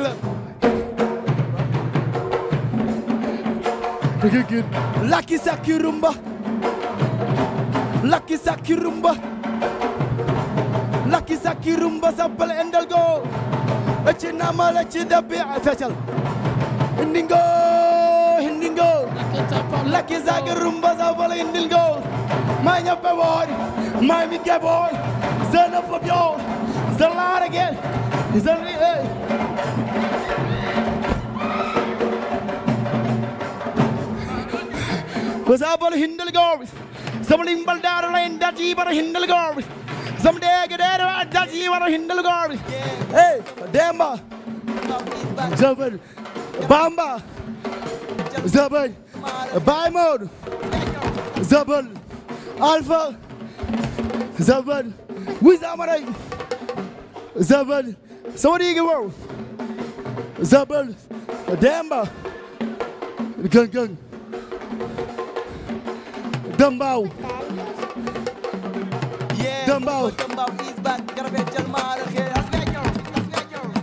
rek la digigin Lucky Sacky Rumba Lucky Sacky Rumba Lucky Sacky Rumba sampal endal go e ci namal ci dabi fecal indingo indingo Lucky Sacky Rumba sampal indingo ma ñappe woon ma mi geboon zena fobio zelare gel Isn't Zabal Hindal Gor, Zamalim Baldara and Daji Bara Hindal Gor, Zamde Gadera and Daji Bara Hindal Gor, Hey, Demba, Zabal, Bamba, Zabal, Baimod, Zabal, Alpha, Zabal, Wizamarai. Zabel Sawadigi Wow Zabel Demba Gang Gang Dembaw Dembaw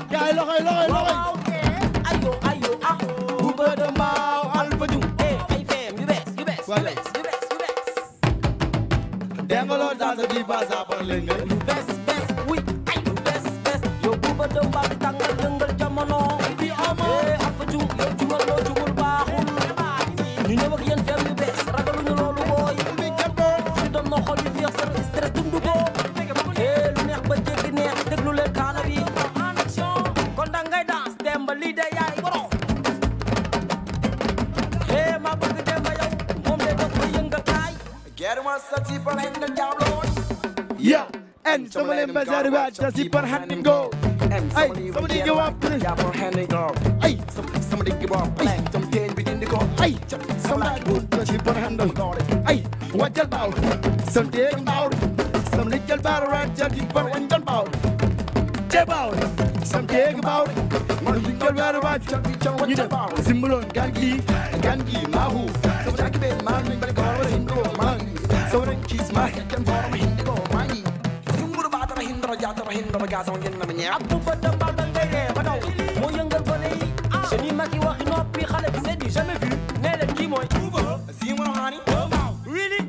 Gaay loxoy loxoy loxoy ayo ayo ah Bouba Dembaw Alpha Dioum ay feem yu bees yu bees eh. yu bees yu bees Demba lool dans sa vie pas à parler nga eh. yu bees ba dëw eh, baa eh, lu neex ba jéggi neex déglu leen kaana bi en action kon da ngay danse demba lii de yaay borom eh maa bëgg demba yow moom lay dox ba yëngal kaay germa sati ba lay na jaablo ya and some of them as I watch, just keep on handing go. Hey, somebody give up, yeah, for handing go. Hey, somebody give up, hey, some change within the go. Hey, somebody good, just keep on handing go. Hey, what about? Some day about, some little battle, right, just keep on handing about. About some day about, man, you can wear a watch, you know, Simulon, Gangi, Gangi, Mahu, so Jackie, man, so Kiss, my, can borrow me. jaata rahin baba gaasa ngeen na ma ñeex ab bu bëtam baal ba ngay ree ba daw moo yëngal gone yi ah. seen yi mag yi waxi noppi xale bi c'est du jamais vu nee leen kii mooy tuuba si mën a xaani waaw wili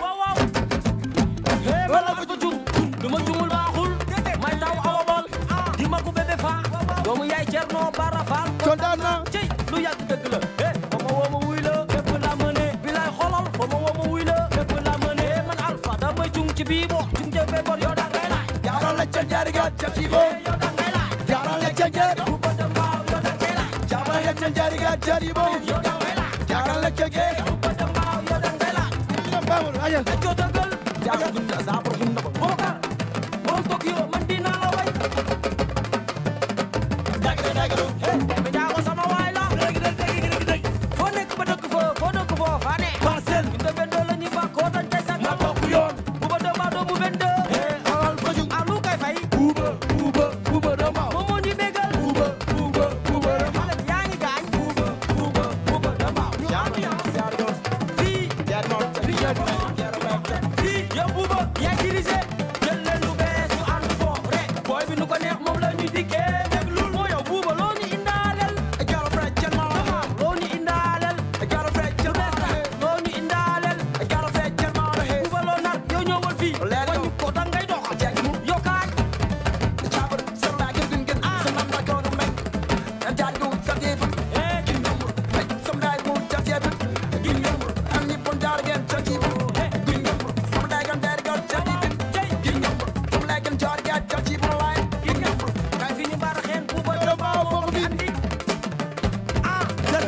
waaw waaw hee bala ko jum du ma jumul baaxul may taw awa bol ah. di ma ko bébé faa doomu yaay Cerno Bara Faal kontaan na ci lu yàgg dëgg la ci biir boo ci njëkkee bor yow daa ngay ca jaar ga ca tigo jaaral la ca jaar jaaral la ca jaar ga ca tigo jaaral la ca jaar bawul ayal la ko dogal jaaral dunda sa por dunda ko bokar bol tokyo man dina la way bi nu ko neex moom la ñu dikkee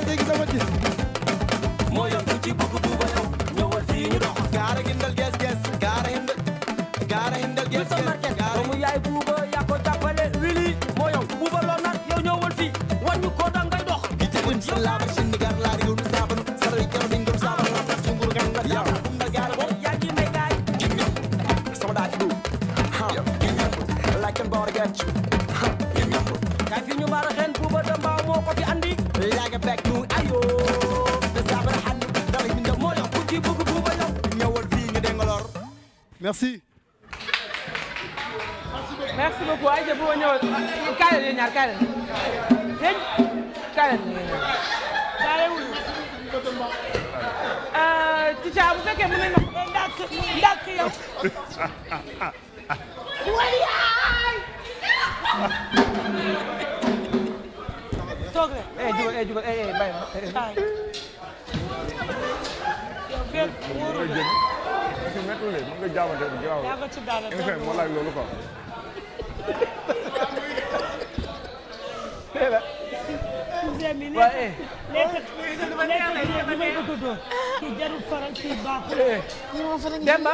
léegi sama gis moo yor ku ci bugg bu ba yow ñëwal fii ñu dox gaara hindal gees gees gaara hindal gaara hindal gees gees gaara mu yaay buuba yaa ko jàppale wili moo yow buuba loo nag yow ñëwal fii wan ñu ko dangay dox gite bun si laaba sindi gaar laari yow nu saabanu saray kero ding gëm saabanu ram tax sungur gan la yaa hindal gaara bo yaa ji may gaay gin ñam sama daa ci du ha gin ñam like and bar again ha gin ñam kaay fi ñu baara xeen buuba damba moo ko fi andi laaga bek nun ayo da sabar hannu dalay min da moyo ku ci bëgg bu ba yow ñëwal fii nga dengalor merci merci beaucoup ay jëf boo ñëwal kaay leen ñaar kaay leen yéen kaay leen bàyyiwul euh, Ticha bu fekkee mën nañ ma ndàkk ndàkk yow wali yaay toog rek. eh jugal eh jugal eh eh bàyyi ma. fépp wóorul la. parce que méttiwul la mën nga jaamante ne jaamante. yaa ko ci daal la dëgg la moo laaj loolu quoi. tey la. waaye. léegi léegi li may bëgg a doon. kii jarul faral kii baaxul. Demba.